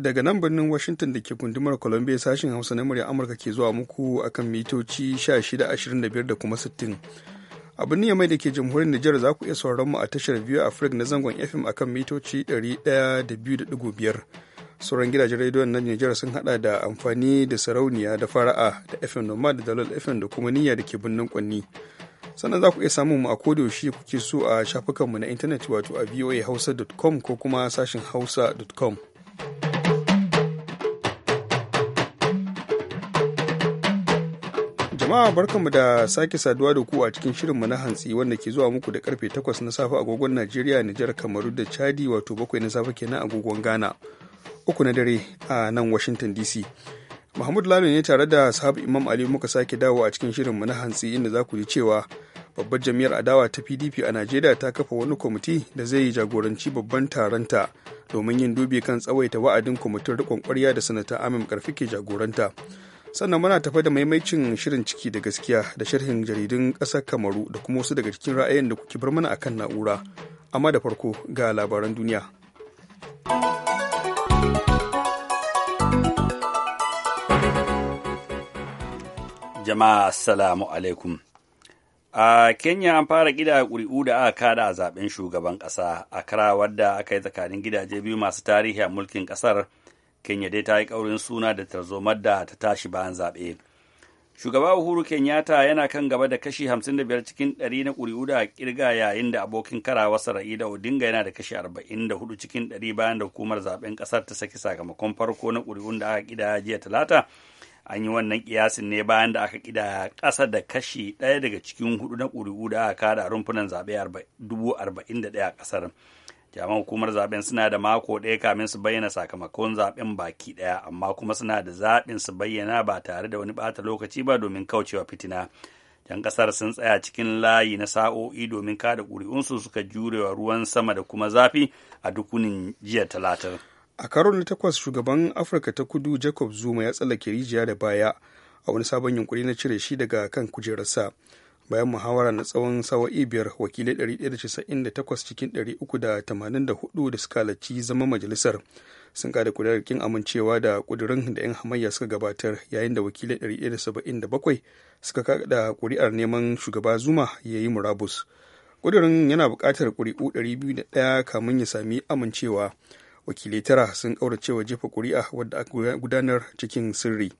daga nan birnin washington da ke gundumar columbia sashen hausa na murya amurka ke zuwa muku akan mitoci 1625 da kuma 60 a birnin yamai da ke jamhuriyar nijar za ku iya sauran mu a tashar biyu afrik na zangon fm akan mitoci da biyar sauran gidajen rediyon na nijar sun hada da amfani da sarauniya da fara'a da fm nomad da dalol fm da kuma niyya da ke birnin kwanni sannan za ku iya samun mu a kodayaushe kuke so a shafukanmu na intanet wato a voahausa.com ko kuma sashin hausa.com. Jama'a barkanmu da sake saduwa da ku a cikin shirinmu na hantsi wanda ke zuwa muku da karfe 8 na safe agogon Najeriya, Nijar, Kamaru da Chadi wato bakwai na safe kenan agogon Ghana. Uku na dare a nan Washington DC. Muhammad Lalo ne tare da sahab Imam Ali muka sake dawo a cikin shirinmu na hantsi inda za ku ji cewa babbar jam'i'ar adawa ta PDP a Najeriya ta kafa wani kwamiti da zai yi jagoranci babban taronta domin yin dubi kan tsawaita wa'adin kwamitin riƙon ƙwarya da sanata Amim Karfi ke jagoranta. sannan muna tafa da maimaicin shirin ciki da gaskiya da sharhin jaridun ƙasar kamaru da kuma wasu daga cikin ra'ayin da kuke bar mana akan na'ura amma da farko ga labaran duniya jama'a assalamu alaikum a kenya an fara gida ƙuri'u da aka kada a zaben shugaban ƙasa a kara wadda aka yi tsakanin gidaje biyu masu tarihi a mulkin ƙasar kenya dai ta yi ƙaurin suna da tarzomar da ta tashi bayan zaɓe shugaba uhuru kenyatta yana kan gaba da kashi 55 cikin 100 na ƙuri'u da ƙirga yayin da abokin karawarsa ra'ida odinga yana da kashi 44 cikin 100 bayan da hukumar zaɓen ƙasar ta saki sakamakon farko na ƙuri'un da aka ƙidaya jiya talata an yi wannan kiyasin ne bayan da aka ƙidaya ƙasa da kashi ɗaya daga cikin huɗu na ƙuri'u da aka kada rumfunan zaɓe 41 a ƙasar. jami'an hukumar zaben suna da mako ɗaya kamin su bayyana sakamakon zaben baki ɗaya amma kuma suna da zaɓin su bayyana ba tare da wani ɓata lokaci ba domin kaucewa fitina yan ƙasar sun tsaya cikin layi na sa'o'i domin kada ƙuri'unsu suka jurewa ruwan sama da kuma zafi a dukunin jiya talatin a karo na takwas shugaban afirka ta kudu jacob zuma ya tsallake rijiya da baya a wani sabon yunkuri na cire shi daga kan kujerarsa bayan muhawara na tsawon sawa'i biyar wakilai 198 cikin 384 da suka halarci zama majalisar sun kada kudarkin amincewa da kudurin da 'yan hamayya suka gabatar yayin da wakilai 177 suka kada kuri'ar neman shugaba zuma ya yi murabus kudurin yana buƙatar kuri'u 201 kamun ya sami amincewa wakilai tara sun ƙauracewa jefa kuri'a wadda aka gudanar cikin sirri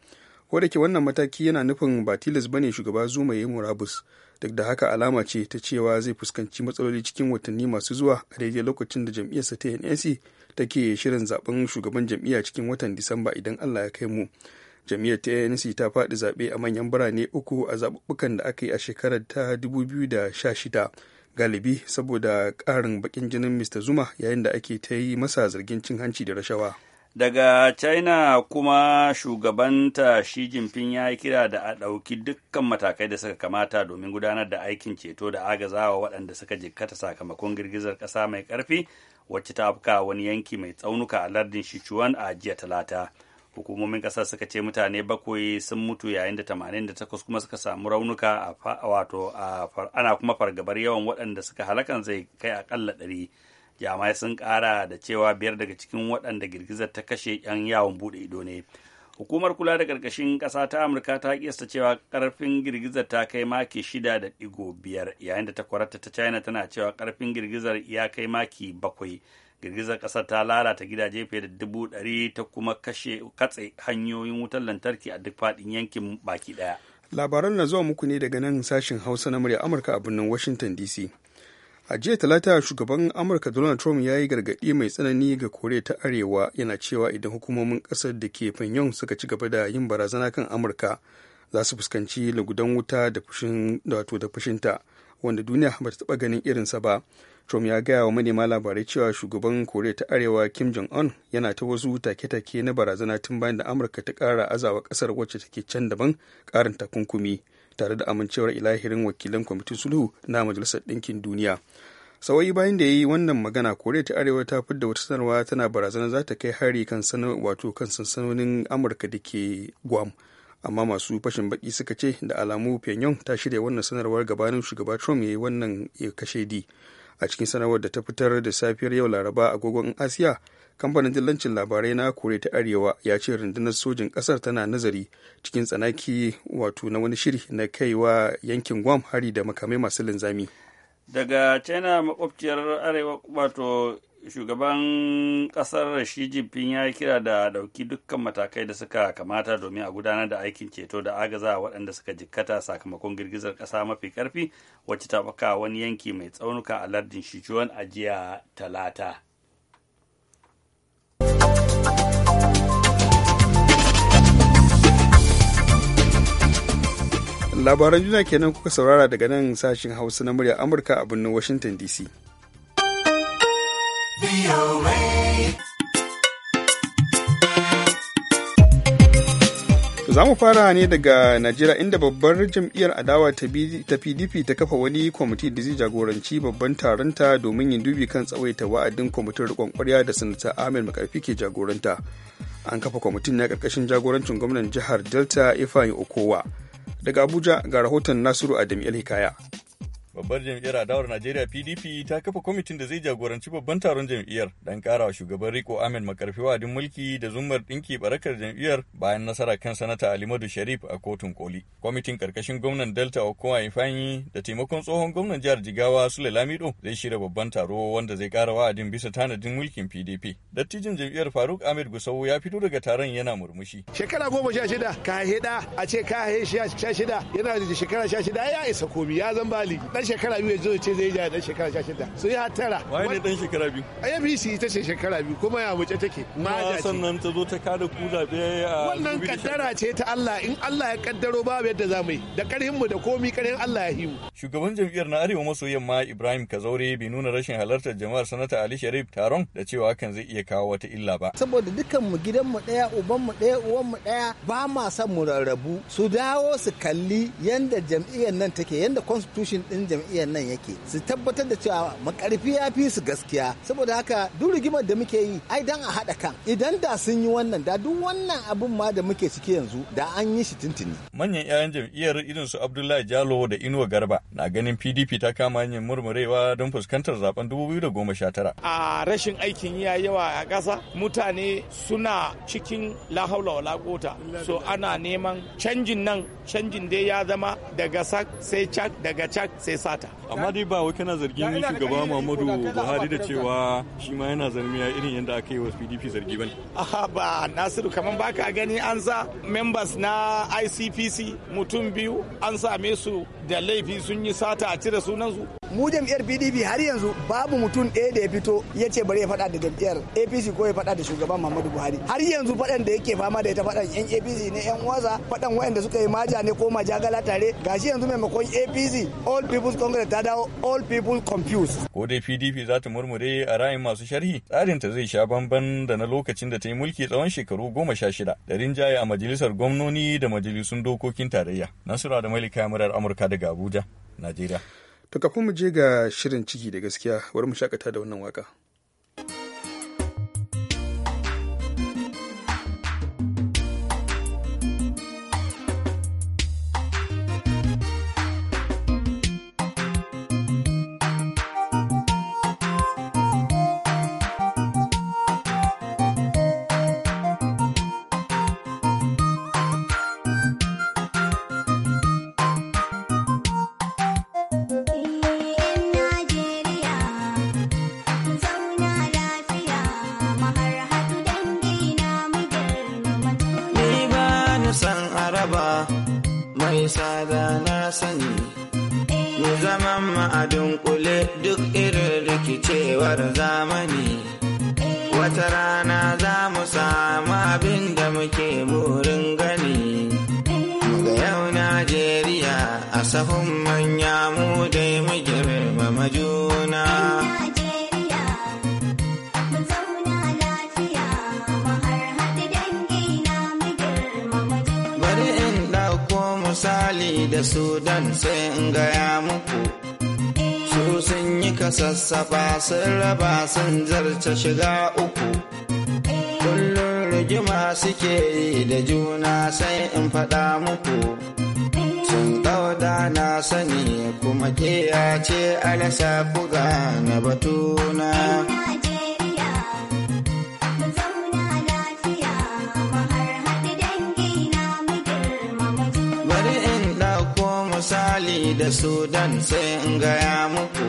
ko da ke wannan mataki yana nufin ba tilas bane shugaba zuma ya yi murabus duk da haka alama ce ta cewa zai fuskanci matsaloli cikin watanni masu zuwa a daidai lokacin da jam'iyyarsa ta nc take shirin zaben shugaban jam'iyya cikin watan disamba idan allah ya kai mu jam'iyyar ta nnc ta faɗi zaɓe a manyan birane uku a zaɓuɓɓukan da aka yi a shekarar ta 2016 galibi saboda ƙarin bakin jinin mr zuma yayin da ake ta yi masa zargin cin hanci da rashawa daga china kuma shugabanta shi jinping ya yi kira da a ɗauki dukkan matakai da suka kamata domin gudanar da aikin ceto da agazawa waɗanda suka jikkata sakamakon girgizar ƙasa mai ƙarfi wacce ta afka wani yanki mai tsaunuka a lardin shichuan a jiya talata hukumomin ƙasar suka ce mutane bakwai sun mutu yayin da tamanin 88 kuma suka samu raunuka a wato ana kuma fargabar yawan waɗanda suka halakan zai kai aƙalla ɗari jamai sun kara da cewa biyar daga cikin waɗanda girgizar ta kashe 'yan yawon bude ido ne hukumar kula da karkashin ƙasa ta amurka ta kiyasta cewa ƙarfin girgizar ta kai maki shida da digo biyar yayin da ta ta china tana cewa ƙarfin girgizar ya kai maki bakwai girgizar ƙasar ta lalata gidaje fiye da dubu ɗari ta kuma kashe katse hanyoyin wutar lantarki a duk faɗin yankin baki ɗaya labaran na zuwa muku ne daga nan sashen hausa na murya amurka a birnin washington dc a jiya talata shugaban amurka donald trump ya yi gargaɗi mai tsanani ga koriya ta arewa yana cewa idan hukumomin ƙasar da ke fanyon suka ci gaba da yin barazana kan amurka za su fuskanci lagudan wuta da fushin wato da fushinta wanda duniya ba ta taɓa ganin irinsa ba trump ya gaya wa manema labarai cewa shugaban koriya ta arewa kim jong un yana ta wasu take-take na barazana tun bayan da amurka ta ƙara azawa ƙasar wacce take can daban ƙarin takunkumi tare da amincewar ilahirin wakilan kwamitin sulhu na majalisar ɗinkin duniya sawayi bayan da ya yi wannan magana koriya ta arewa ta da wata sanarwa tana barazana za ta kai hari kan wato kan sansanonin amurka da ke guam amma masu fashin baki suka ce da alamu pyongyang ta shirya wannan sanarwar gabanin shugaba trump ya yi wannan ya kashe di a cikin sanarwar da ta fitar da safiyar yau laraba agogon asiya kamfanin dillancin labarai na kore ta arewa ya ce rundunar sojin kasar tana nazari cikin tsanaki wato na wani shiri na kaiwa yankin guam hari da makamai masu linzami daga china makwabciyar arewa wato shugaban kasar shi jinping ya kira da dauki dukkan matakai da suka kamata domin a gudanar da aikin ceto da agaza waɗanda suka jikkata sakamakon girgizar ƙasa mafi karfi wacce ta baka wani yanki mai tsaunuka a lardin shijuwan a jiya talata labaran juna kenan kuka saurara daga nan sashin hausa na murya amurka a birnin washington dc za mu fara ne daga najeriya inda babbar jam'iyyar adawa ta pdp ta kafa wani kwamiti da zai jagoranci babban taronta domin yin dubi kan tsawaita wa'adin kwamitin rikon kwarya da sanata ahmed makarfi ke jagoranta an kafa kwamitin na karkashin jagorancin gwamnan jihar delta ifeanyi okowa Daga Abuja ga rahoton Nasiru Adam Hikaya. Babbar jam'iyyar adawar Najeriya PDP ta kafa kwamitin da zai jagoranci babban taron jam'iyyar don wa shugaban Riko Ahmed makarfi wa'adin mulki da zummar ɗinki barakar jam'iyyar bayan nasara kan sanata Alimadu Sharif a kotun koli. Kwamitin karkashin gwamnan Delta Okowa Ifanyi da taimakon tsohon gwamnan jihar Jigawa Sule Lamido zai shirya babban taro wanda zai kara wa'adin bisa tanadin mulkin PDP. Dattijin jam'iyyar Faruk Ahmed Gusau ya fito daga taron yana murmushi. Shekara goma sha shida ka haɗa a ce ka shida yana da shekara sha shida ya isa komi ya zan bali. shekara biyu ya ce zai ja dan shekara sha shida su yi hatara wai ne dan shekara biyu shi ita ce shekara biyu kuma ya mace take ja ce sannan ta zo ta kada ku zabe ah, wannan kaddara ce ta Allah in Allah ya kaddaro babu yadda za mu yi da karhin mu da komi karhin Allah ya himu shugaban jam'iyyar na arewa maso yamma Ibrahim Kazaure bai nuna rashin halartar jama'ar sanata Ali Sharif taron da cewa hakan zai iya kawo wata illa ba saboda dukkan mu gidan mu daya uban mu daya uwan mu daya ba ma san mu rarrabu su dawo su kalli yanda jam'iyyar nan take yanda constitution din jam'iyyar nan yake su tabbatar da cewa makarfi ya fi su gaskiya saboda haka duk rigimar da muke yi ai dan a haɗa kan idan da sun yi wannan da duk wannan abin ma da muke ciki yanzu da an yi shi tuntuni. Manyan 'ya'yan jam'iyyar irin su Abdullahi Jalo da Inuwa Garba na ganin PDP ta kama hanyar murmurewa don fuskantar zaben 2019. A rashin aikin yi yawa a ƙasa mutane suna cikin lahaula wa lagota so ana neman canjin nan canjin dai ya zama daga sak sai cak daga cak sai sata amma dai ba wai kana zargin shugaba muhammadu buhari da cewa shi ma yana ya irin yadda aka yi wa pdp zargi bane aha ba nasiru kamar baka gani an sa members na icpc mutum biyu an same su da laifi sun yi sata a cire sunansu mu jam'iyyar pdp har yanzu babu mutum ɗaya da ya fito ya ce bari ya faɗa da jam'iyyar apc ko ya faɗa da shugaban muhammadu buhari har yanzu faɗan da yake fama da ita faɗan yan apc ne yan waza faɗan waɗanda suka yi maja ne ko majagala tare gashi yanzu maimakon apc all people's congress ta another all people confused. Ko dai PDP za ta murmure a ra'ayin masu sharhi tsarinta zai sha bamban da na lokacin da ta yi mulki tsawon shekaru goma sha shida da rinjaye a majalisar gwamnoni da majalisun dokokin tarayya. Nasura da Malika murar Amurka daga Abuja, Najeriya. To kafin mu je ga shirin ciki da gaskiya, bari mu shakata da wannan waka. muke burin gani ga yau najeriya a sahun manya mu dai mu girmama juna bari in ɗauko misali da sudan sai in gaya muku su sun yi kasassafa sun raba sun zarce shiga uku rigima suke yi da juna sai in faɗa muku sun ɗauda na sani kuma ke ce alasa buga na batuna. Bari in ɗauko misali da Sudan sai in gaya muku.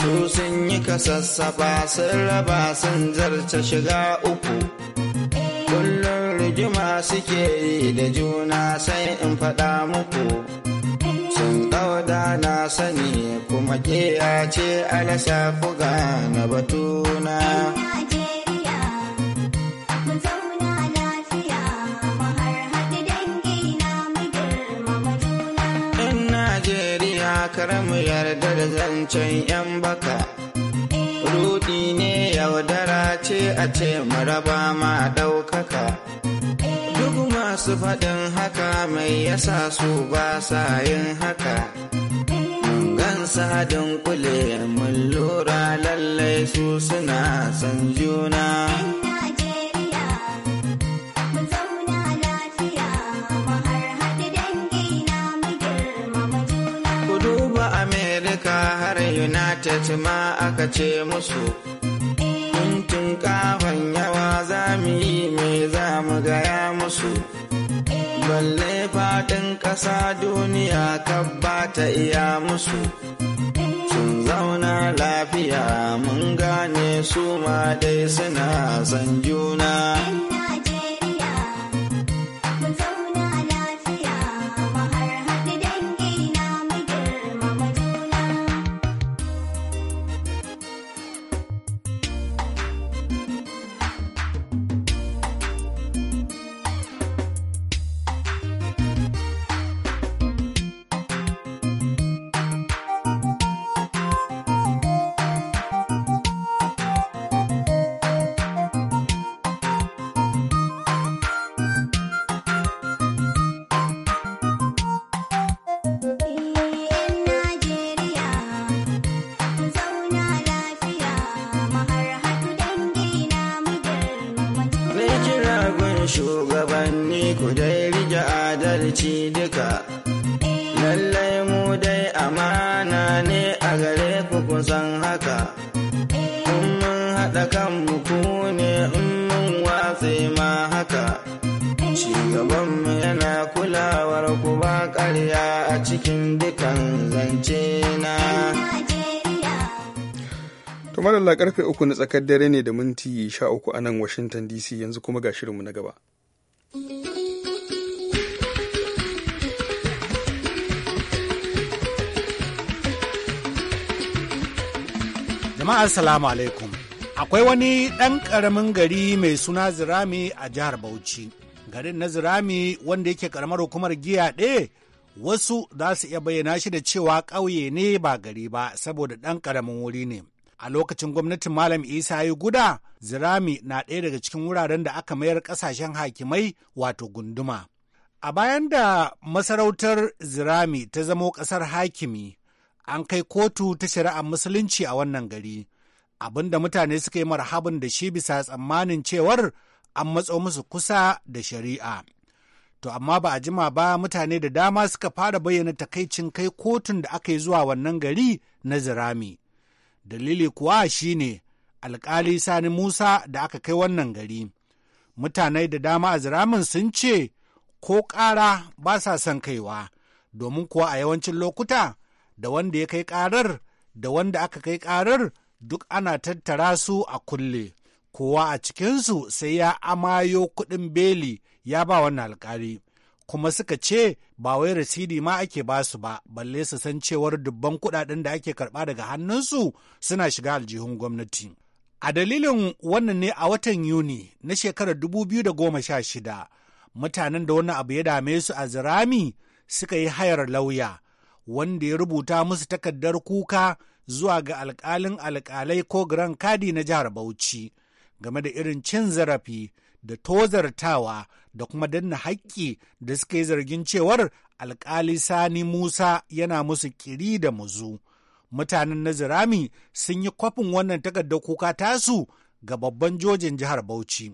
su sun yi kasassafa sun raba sun zarce shiga uku rigima suke yi da juna sai in faɗa muku sun ɗauda na sani kuma ƙiya ce alasa buga na batuna karamu yarda da zancen 'yan baka rudi ne yaudara ce a ce maraba ma ɗaukaka masu faɗin haka mai yasa su ba sa yin haka gansa haɗin kule mun lura lallai su suna san juna Amerika har United ma aka ce musu balle faɗin ƙasa duniya kabba ta iya musu sun zauna lafiya mun gane su ma dai suna san juna. ci duka lallai mu dai amana ne a gare ku kusan haka in mun haɗa kanmu ku ne in mun watse ma haka mu yana kulawar ku ba ƙarya a cikin dukan zance na kamar karfe uku na tsakar dare ne da minti sha uku a nan Washington DC yanzu kuma ga shirinmu na gaba. Jama'a salamu alaikum. Akwai wani ɗan ƙaramin gari mai suna Zirami a jihar Bauchi. Garin na Zirami wanda yake ƙaramar hukumar giya ɗaya wasu za su iya bayyana shi da cewa ƙauye ne ba gari ba saboda ɗan ƙaramin wuri ne. A lokacin gwamnatin Malam Isa ya guda, Zirami na ɗaya daga cikin wuraren da aka mayar ƙasashen hakimai wato gunduma. A bayan da masarautar Zirami ta zamo ƙasar hakimi, an kai kotu ta shari'ar musulunci a wannan gari abin da mutane suka yi marhabin da shi bisa tsammanin cewar an matso musu kusa da shari'a to amma ba a jima ba mutane da dama suka fara bayyana takaicin kai kotun da aka yi zuwa wannan gari na zirami dalili kuwa shine alkali sani musa da aka kai wannan gari mutane da dama a ziramin sun ce ko ƙara ba sa son kaiwa domin kuwa a yawancin lokuta da wanda ya kai ƙarar da wanda aka kai ƙarar duk ana tattara su a kulle kowa a cikinsu sai ya amayo kuɗin beli ya ba wannan alkali kuma suka ce ba wai rasidi ma ake ba su ba balle su san cewar dubban kuɗaɗen da ake karɓa daga hannunsu suna shiga aljihun gwamnati a dalilin wannan ne a watan yuni na shekarar 2016 mutanen da wani abu ya dame su a zirami suka yi hayar lauya wanda ya rubuta musu takardar kuka zuwa ga alkalin alkalai ko Grand Kadi na jihar Bauchi game da irin cin zarafi da tozartawa da kuma danna haƙƙi da suka yi zargin cewar alkali Sani Musa yana musu kiri da muzu. Mutanen na Nazirami sun yi kwafin wannan takardar kuka tasu ga babban jojin jihar Bauchi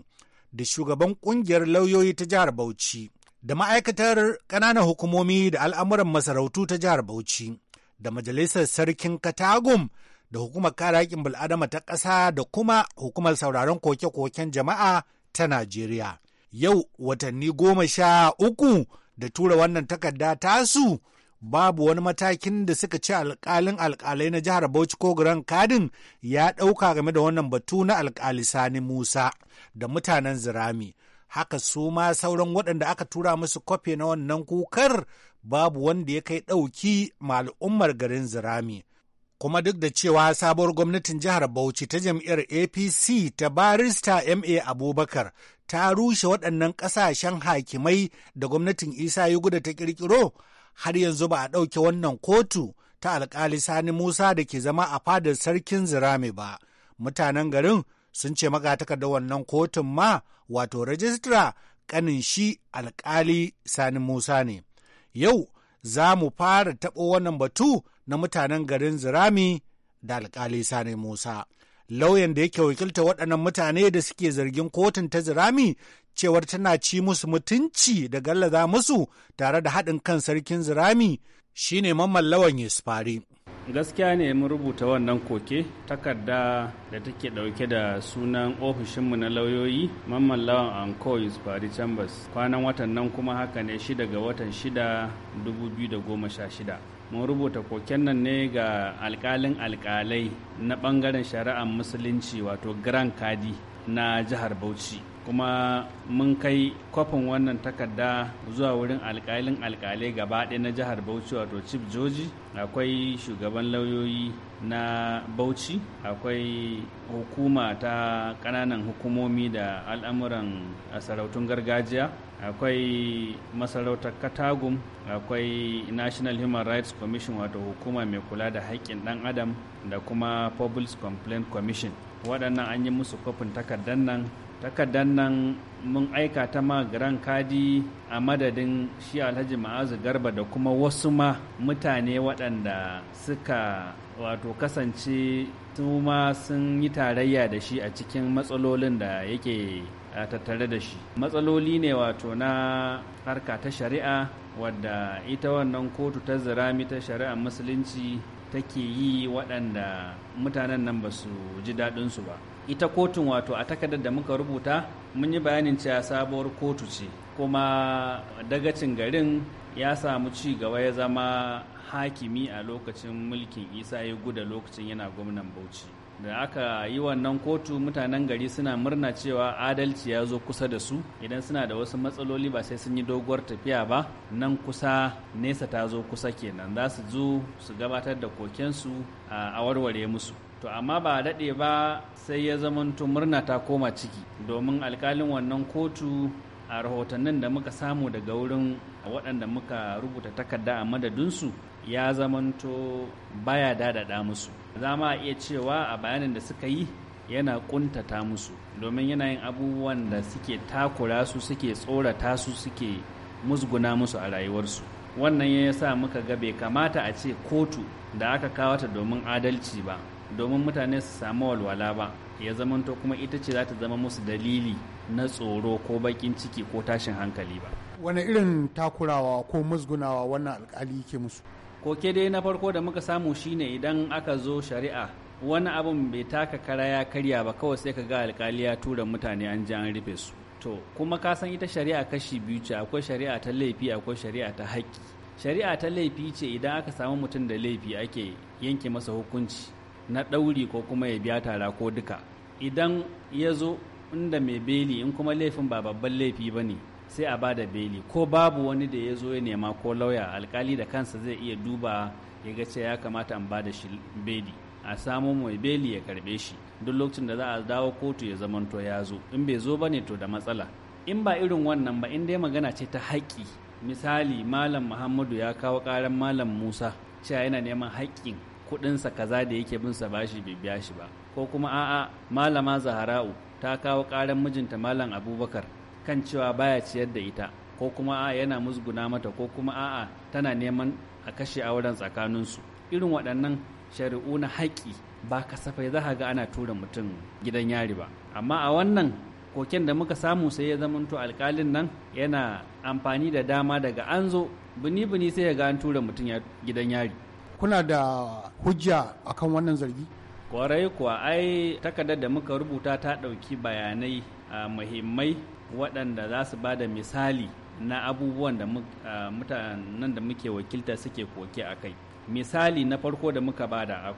da shugaban ƙungiyar lauyoyi ta jihar Bauchi. da ma'aikatar ƙananan hukumomi da al'amuran masarautu ta jihar Bauchi, da Majalisar Sarkin Katagum, da Hukumar Kare Haƙƙin Bil'adama ta ƙasa da kuma Hukumar Sauraron Koke-koken Jama'a ta Najeriya. Yau watanni goma sha uku da tura wannan takarda tasu babu wani matakin da suka ci alkalin alkalai na jihar Bauchi ko Grand Kadin ya ɗauka game da wannan batu na alkali Sani Musa da mutanen Zirami. haka su ma sauran waɗanda aka tura musu kwafe na wannan kukar babu wanda ya kai ɗauki ma al'ummar garin zirami. Kuma duk da cewa sabuwar gwamnatin jihar Bauchi ta jam'iyyar APC ta barista MA Abubakar ta rushe waɗannan ƙasashen hakimai da gwamnatin Isa ya guda ta ƙirƙiro har yanzu ba a ɗauke wannan kotu ta alƙali Sani Musa da ke zama a fadar sarkin zirame ba. Mutanen garin sun ce magatakarda wannan kotun ma wato rajistra kanin shi alkali sani musa ne yau za mu fara taɓo wannan batu na mutanen garin zirami da alkali sani musa lauyan da yake wakilta waɗannan mutane da suke zargin kotun ta zirami cewar tana ci musu mutunci da gallaza musu tare da haɗin kan sarkin zirami shine mamman lawan yusufari gaskiya ne mun rubuta wannan koke takarda da take dauke da sunan ofishinmu na lauyoyi mamman lawan anko yusufari chambers kwanan watan nan kuma haka ne shida ga watan shida 2016 mun rubuta koken nan ne ga alkalin alkalai na bangaren shari'ar musulunci wato grand kadi na jihar bauchi kuma mun kai kwafin wannan takarda zuwa wurin alkalin alkalai gaba ɗaya na jihar bauchi wato chief joji akwai shugaban lauyoyi na bauchi akwai hukuma ta ƙananan hukumomi da al'amuran sarautun gargajiya akwai masarautar katagum akwai national human rights commission wato hukuma mai kula da haƙƙin ɗan adam da kuma public complaint commission waɗannan an yi musu kwafin takardar nan takardar nan mun aika ta ma garan kadi a madadin shi alhaji ma'azu garba da kuma wasu ma mutane waɗanda suka wato kasance su ma sun yi tarayya da shi a cikin matsalolin da yake tattare da shi matsaloli ne wato na harka ta shari'a wadda ita wannan kotu ta zirami ta shari'a musulunci take yi waɗanda mutanen nan ba su ji daɗinsu ba ita kotun wato a takardar da muka rubuta mun yi bayanin cewa sabuwar kotu ce kuma dagacin garin ya samu ci gaba ya zama hakimi a lokacin mulkin isa ya guda lokacin yana gwamnan bauchi da aka yi wannan kotu mutanen gari suna murna cewa adalci ya zo kusa da su idan suna da wasu matsaloli ba sai sun yi doguwar tafiya ba nan kusa nesa ta zo kusa kenan za su zo su gabatar da kokensu a warware musu to amma ba a daɗe ba sai ya zamanto murna ta koma ciki domin alkalin wannan kotu a rahotannin da muka samu daga wurin waɗanda muka rubuta takarda a madadinsu ya zamanto baya dadada musu za ma iya cewa a bayanin da suka yi yana ƙuntata musu domin yana yin abubuwan da suke takura su suke tsorata su suke musguna musu a rayuwarsu wannan ya sa muka ga bai kamata a ce kotu da aka kawata domin adalci ba domin mutane su samu walwala ba ya zamanto kuma ita ce za ta zama musu dalili na tsoro ko bakin ciki ko tashin hankali ba wani irin takurawa ko musgunawa wannan alkali ke musu koke dai na farko da muka samu shine idan aka zo shari'a wani abin bai taka kara ya karya ba kawai sai ka ga alkali ya tura mutane an ji an rufe su to kuma ka san ita shari'a kashi biyu ce akwai shari'a ta laifi akwai shari'a ta haƙƙi shari'a ta laifi ce idan aka samu mutum da laifi ake yanke masa hukunci na ɗauri ko kuma ya biya tara ko duka idan ya zo inda mai beli in kuma laifin ba babban laifi ba ne sai a ba da beli ko babu wani da ya zo ya nema ko lauya alkali da kansa zai iya duba ya ga ce ya kamata an ba da shi beli a samo mai beli ya karbe shi duk lokacin da za a dawo kotu ya zamanto ya zo in bai zo ba ne to da matsala in ba irin wannan ba in dai magana ce ta haƙƙi misali malam muhammadu ya kawo ƙaran malam musa cewa yana neman haƙƙin kuɗinsa kaza da yake bin sa bashi bai biya shi ba ko kuma a'a malama zahara'u ta kawo ƙaran mijinta malam abubakar kan cewa baya ciyar da ita ko kuma a'a yana musguna mata ko kuma a'a tana neman a kashe auren tsakaninsu irin waɗannan shari'u na haƙƙi ba kasafai za ga ana tura mutum gidan yari ba amma a wannan koken da muka samu sai ya zamanto alkalin nan yana amfani da dama daga an zo bini-bini sai ya ga an tura mutum gidan yari kuna da hujja akan wannan zargi kwarai kuwa ai takardar da muka rubuta ta ɗauki bayanai a ah, muhimmai waɗanda za su ba da misali na abubuwan da ah, mutanen da muke wakilta suke koke a kai misali na farko da muka bada a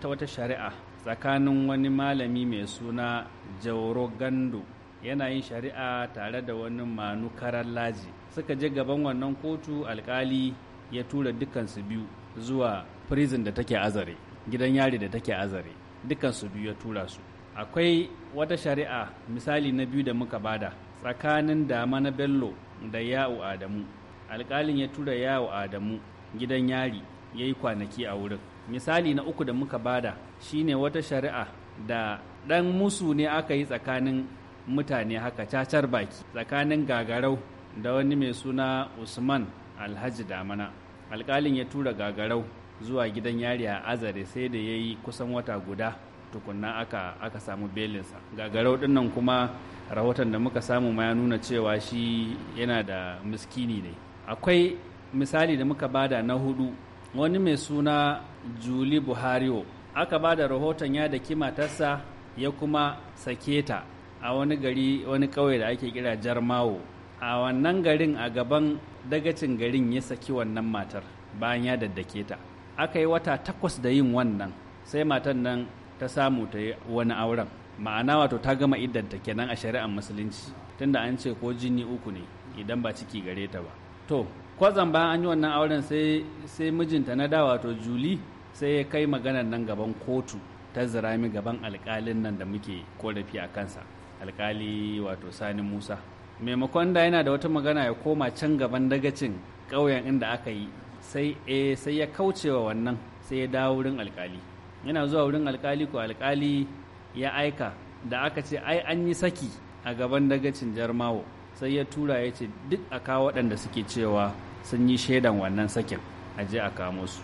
ta wata shari'a tsakanin wani malami mai suna jauro gando yana yin shari'a tare da wani manukarar laji suka je gaban wannan kotu alkali ya tura dukansu biyu zuwa prison da take azare gidan yari da take azare dukkan su biyu ya tura su akwai wata shari'a misali na biyu da muka bada tsakanin dama na bello da yawo adamu alkalin ya tura yawo adamu gidan yari ya yi kwanaki a wurin misali na uku da muka bada shine wata shari'a da ɗan musu ne aka yi tsakanin mutane haka cacar baki tsakanin gagarau da wani mai suna usman alhaji damana alƙalin ya tura gagarau zuwa gidan yari a azare sai da ya yi kusan wata guda tukunna aka, aka samu belinsa gagarau dinnan kuma rahoton da muka samu ma ya nuna cewa shi yana da miskini ne akwai misali da muka bada na hudu wani mai suna juli buhario aka ba da rahoton ya da matarsa ya kuma sake ta a wani gari wani ƙauye da ake kira jarmawo a wannan garin a gaban dagacin garin ya saki wannan matar bayan ya daddake ta aka yi wata takwas da yin wannan sai matan nan ta samu ta yi wani auren ma'ana wato ta gama iddanta kenan a shari'ar musulunci tunda an ce ko jini uku ne idan ba ciki gare ta ba to kwazan bayan an yi wannan auren sai sai mijinta na da wato juli sai ya kai maganar nan gaban kotu ta zirami gaban alkalin nan da muke korafi a kansa alkali wato sani musa maimakon da yana da wata magana ya koma can gaban dagacin ƙauyen inda aka yi sai eh, ya kauce wa wannan sai ya dawo wurin alkali yana zuwa wurin alkali ko alkali ya aika da aka ce ai an yi saki a gaban dagacin jarmawo sai ya tura ya ce duk a kawo waɗanda suke cewa sun yi shaidan wannan sakin a je a kamo su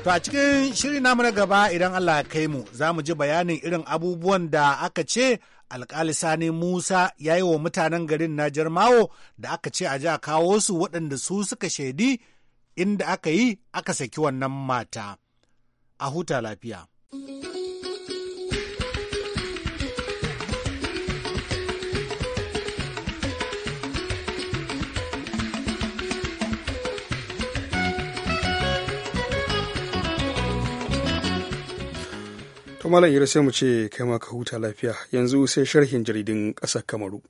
To a cikin shirin namu na gaba idan Allah ya kai mu za mu ji bayanin irin abubuwan da aka ce alkali Sani Musa ya yi wa mutanen garin Najar Mawo da aka ce a ji a kawo su waɗanda su suka shaidi inda aka yi aka saki wannan mata. A huta lafiya. malam yiro sai mu ce kai ma ka huta lafiya yanzu sai sharhin jaridin ƙasar kamaru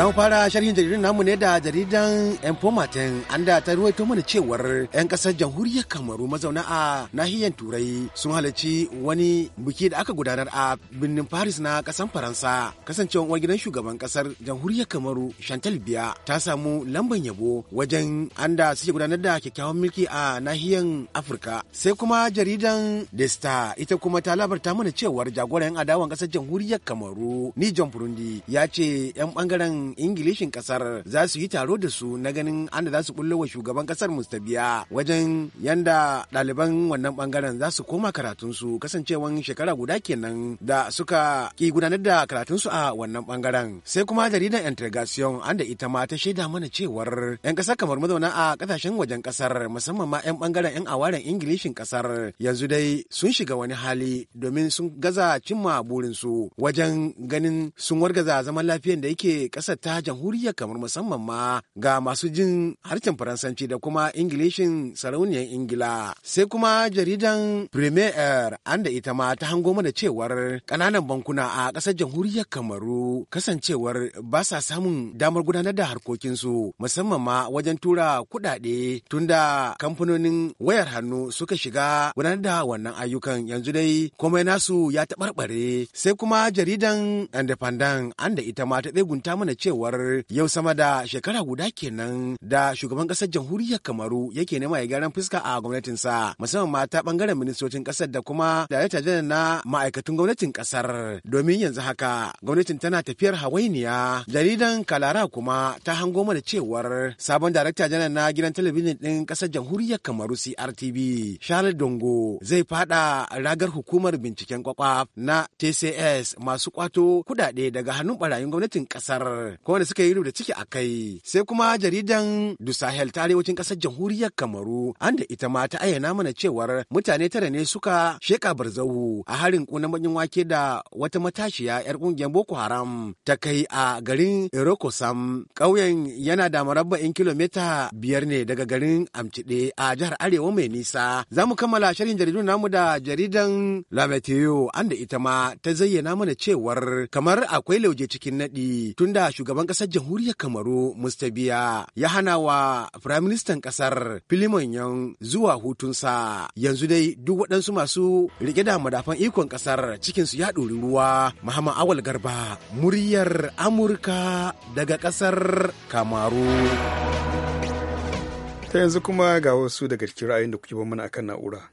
Don fara sharhin jaridun namu ne da jaridan Informatin an da ta ruwaito mana cewar 'yan kasar jamhuriyar Kamaru mazauna a nahiyar Turai sun halarci wani biki da aka gudanar a birnin Paris na kasar Faransa. Kasancewar uwar gidan shugaban kasar jamhuriyar Kamaru Chantal Biya ta samu lamban yabo wajen an da suke gudanar da kyakkyawan mulki a nahiyar Afirka. Sai kuma jaridan The Star ita kuma ta labarta mana cewar jagoran adawan kasar jamhuriyar Kamaru Nijon Burundi ya ce 'yan bangaren ingilishin kasar za su yi taro da su na ganin an da za su bullo wa shugaban kasar mustabiya wajen yanda ɗaliban wannan bangaren za su koma karatunsu kasancewan shekara guda kenan da suka ki gudanar da karatunsu a wannan bangaren sai kuma jaridar integration an da ita ma ta shaida mana cewar 'yan kasar kamar mazauna a kasashen wajen kasar musamman ma 'yan bangaren 'yan awaren ingilishin kasar yanzu dai sun shiga wani hali domin sun gaza cimma burinsu wajen ganin sun wargaza zaman lafiyar da yake kasar ta jamhuriyar kamar musamman ma ga masu jin harshen faransanci da kuma ingilishin sarauniyar ingila sai kuma jaridan premier an da ita ma ta hango mana cewar kananan bankuna a ƙasar jamhuriyar kamaru kasancewar ba sa samun damar gudanar da harkokinsu musamman ma wajen tura kuɗaɗe tunda kamfanonin wayar hannu suka shiga gudanar da wannan ayyukan yanzu dai komai nasu ya taɓarɓare sai kuma jaridan independent an da ita ma ta tsegunta mana cewar yau sama da shekara guda kenan da shugaban kasar jamhuriyar kamaru yake nema ya gyaran fuska a gwamnatinsa musamman ma ta bangaren ministocin kasar da kuma darakta janar na ma'aikatun gwamnatin kasar domin yanzu haka gwamnatin tana tafiyar hawainiya jaridan kalara kuma ta hango mana cewar sabon darakta janar na gidan talabijin din kasar jamhuriyar kamaru crtv charles dongo zai fada ragar hukumar binciken kwakwaf na tcs masu kwato kudade daga hannun barayin gwamnatin kasar Cameroon ko wanda suka yi da ciki a kai sai kuma jaridan du sahel ta arewacin kasar jamhuriyar kamaru an da ita ma ta ayyana mana cewar mutane tara ne suka sheka barzahu a harin kuna bakin wake da wata matashiya yar kungiyar boko haram ta kai a garin sam. ƙauyen yana da marabba'in kilomita biyar ne daga garin amtide a jihar arewa mai nisa za mu kammala sharhin jaridun namu da jaridan Meteo an da ita ma ta zayyana mana cewar kamar akwai lauje cikin naɗi tunda shugaban ƙasar jamhuriyar Kamaru Mustabiya ya hana wa firaministan ƙasar Filimon zuwa hutunsa. Yanzu dai duk waɗansu masu riƙe da madafan ikon ƙasar cikinsu ya ɗori ruwa. Muhammad Awal Garba, muryar Amurka daga ƙasar Kamaru. Ta yanzu kuma ga wasu daga cikin ra'ayin da kuke mana akan na'ura.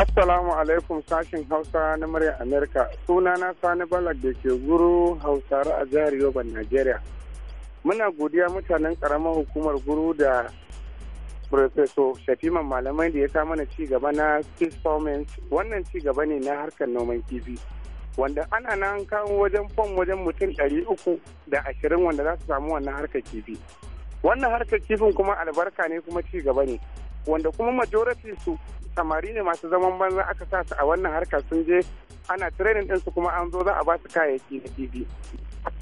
Assalamu alaikum sashen Hausa na murya Amerika. Sunana Sani Balak da ke guru Hausare a jihar Yoban, Najeriya. Muna godiya mutanen karamar hukumar guru da Profeso Shafiman malamai da ya ta mana ci gaba na Six Wannan ci ne na harkar noman kifi. Wanda ana nan kawo wajen fom wajen mutum ɗari uku da ashirin wanda za su samu wannan harkar kifi. Wannan harkar kifin kuma albarka ne kuma ci gaba ne. wanda kuma majority su samari ne masu zaman banza aka sa su a wannan harkar sun je ana training din su kuma an zo za a ba su kayayyaki na TV.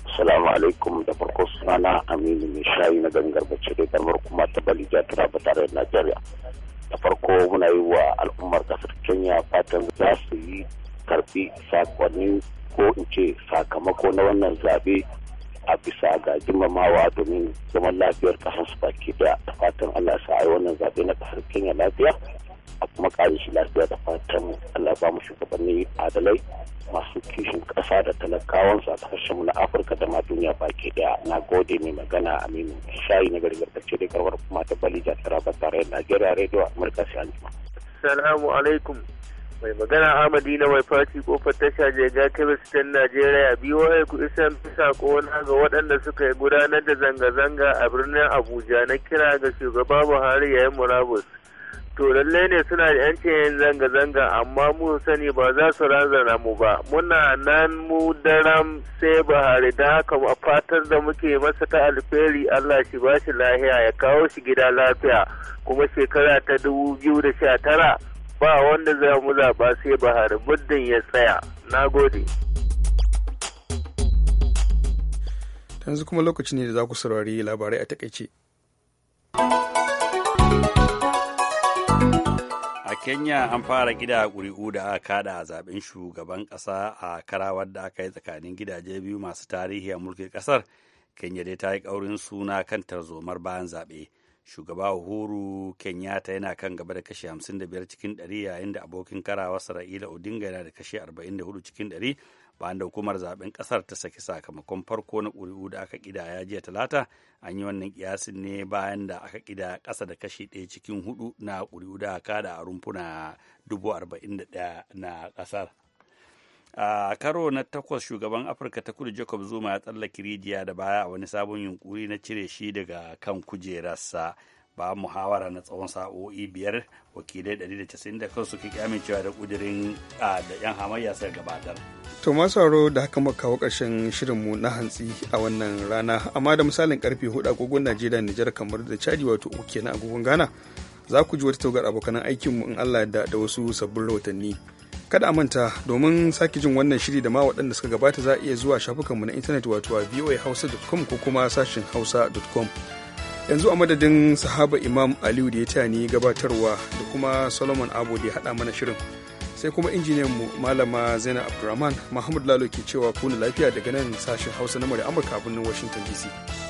Assalamu alaikum da farko sunana Aminu mai shayi na gangar bacci da damar kuma ta Balija tara ba tare da Najeriya. Da farko muna yi wa al'ummar kasar Kenya fatan za su yi karbi sakonni ko in ce sakamako na wannan zabe a bisa ga girmamawa domin zaman lafiyar kasar su baki daya da fatan Allah sa ai wannan zaɓe na kasar Kenya lafiya a kuma ƙare shi lafiya da fatan Allah ba mu shugabanni adalai masu kishin ƙasa da talakawan su a ƙasashenmu na Afirka da ma duniya baki daya na gode mai magana Aminu Shayi na garin Garkace da garwar kuma ta Balija Taraba tare Nigeria Najeriya Radio Amurka sai an jima. Salamu alaikum. mai magana amadi na mai fati kofar tasha ga kiristan najeriya biyu ku isan sako na ga waɗanda suka yi gudanar da zanga-zanga a birnin abuja na kira ga shugaba buhari yayin murabus to lallai ne suna da yancin yin zanga-zanga amma mu sani ba za su ranzana mu ba muna nan mu daram sai buhari da haka a fatar da muke masa ta alferi allah shi ba shi lahiya ya kawo shi gida lafiya kuma shekara ta dubu biyu da sha tara ba wanda zai mu zaɓa sai Buhari muddin ya tsaya. Na gode. Yanzu kuma lokaci ne da za ku saurari labarai a takaice. A Kenya an fara gida ƙuri'u da aka kada a zaben shugaban ƙasa a karawar da aka yi tsakanin gidaje biyu masu tarihi a mulkin ƙasar. Kenya dai ta yi ƙaurin suna kan tarzomar bayan zaɓe. shugaba uhuru kenyatta yana kan gaba da kashi 55 cikin 100 yayin da abokin karawa sara'ila odinga yana da kashi 44 cikin 100 bayan da hukumar zaben kasar ta saki sakamakon farko na ƙuri'u da aka kidaya jiya talata an yi wannan kiyasin ne bayan da aka kida ƙasa da kashi ɗaya cikin hudu na ƙuri'u da aka da a rumfuna 41 na ƙasar. a karo na takwas shugaban afirka ta kudu jacob zuma ya tsallake rijiya da baya a wani sabon yunkuri na cire shi daga kan kujerarsa ba muhawara na tsawon sa'o'i biyar wakilai 190 da kansu kake amincewa da kudirin da 'yan hamayya sai gabatar. to masu da haka muka kawo ƙarshen mu na hantsi a wannan rana amma da misalin karfe hudu agogon najeriya nijar kamar da caji wato uke na agogon ghana za ku ji wata taugar abokanan aikinmu in allah da wasu sabbin rahotanni. kada a manta domin sake jin wannan shiri da ma waɗanda suka gabata za a iya zuwa shafukanmu na intanet wato a voahausa.com ko kuma sashin hausa.com yanzu a madadin sahaba imam aliyu da ya taya ni gabatarwa da kuma solomon abu da ya haɗa mana shirin sai kuma injiniyan mu malama zainab abdulrahman mahmud lalo ke cewa kuna lafiya daga nan sashen hausa na murya amurka a birnin washington dc